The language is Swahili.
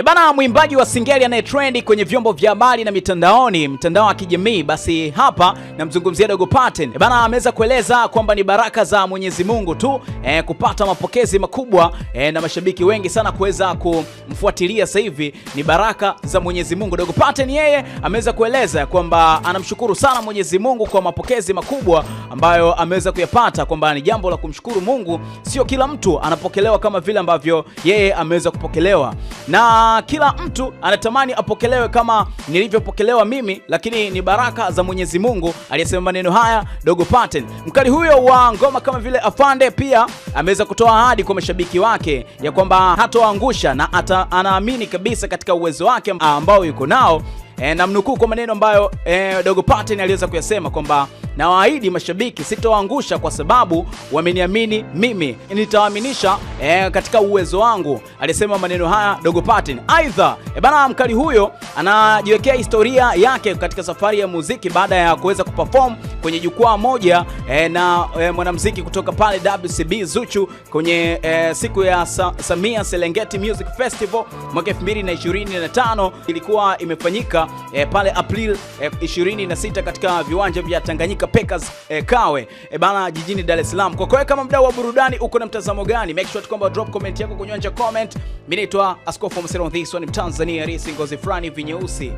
Ebana, mwimbaji wa singeli anayetrendi kwenye vyombo vya habari na mitandaoni, mtandao wa kijamii, basi hapa namzungumzia Dogo Paten. Ebana ameweza kueleza kwamba ni baraka za Mwenyezi Mungu tu e, kupata mapokezi makubwa e, na mashabiki wengi sana kuweza kumfuatilia sasa hivi ni baraka za Mwenyezi Mungu. Dogo Paten yeye ameweza kueleza kwamba anamshukuru sana Mwenyezi Mungu kwa mapokezi makubwa ambayo ameweza kuyapata, kwamba ni jambo la kumshukuru Mungu. Sio kila mtu anapokelewa kama vile ambavyo yeye ameweza kupokelewa na kila mtu anatamani apokelewe kama nilivyopokelewa mimi, lakini ni baraka za Mwenyezi Mungu aliyesema maneno haya. Dogo Paten, mkali huyo wa ngoma kama vile Afande, pia ameweza kutoa ahadi kwa mashabiki wake ya kwamba hatoangusha na ata, anaamini kabisa katika uwezo wake ambao yuko nao e, namnukuu kwa maneno ambayo e, Dogo Paten aliweza kuyasema kwamba nawaahidi mashabiki sitowaangusha kwa sababu wameniamini mimi, nitawaaminisha e, katika uwezo wangu, alisema maneno haya Dogo patn Aidha e, bana mkali huyo anajiwekea historia yake katika safari ya muziki baada ya kuweza kuperform kwenye jukwaa moja e, na e, mwanamuziki kutoka pale WCB Zuchu kwenye e, siku ya Sa Samia Serengeti Music Festival mwaka 2025 ilikuwa imefanyika e, pale April e, 26 katika viwanja vya Tanganyika Packers e, Kawe e, bana jijini Dar es Salaam. Kwa kweli kama mdau wa burudani uko na mtazamo gani? Make sure tukomba drop comment yako kwenye comment. Mimi naitwa Askofu Mseron, this one Mtanzania, risi ngozi fulani vinyeusi.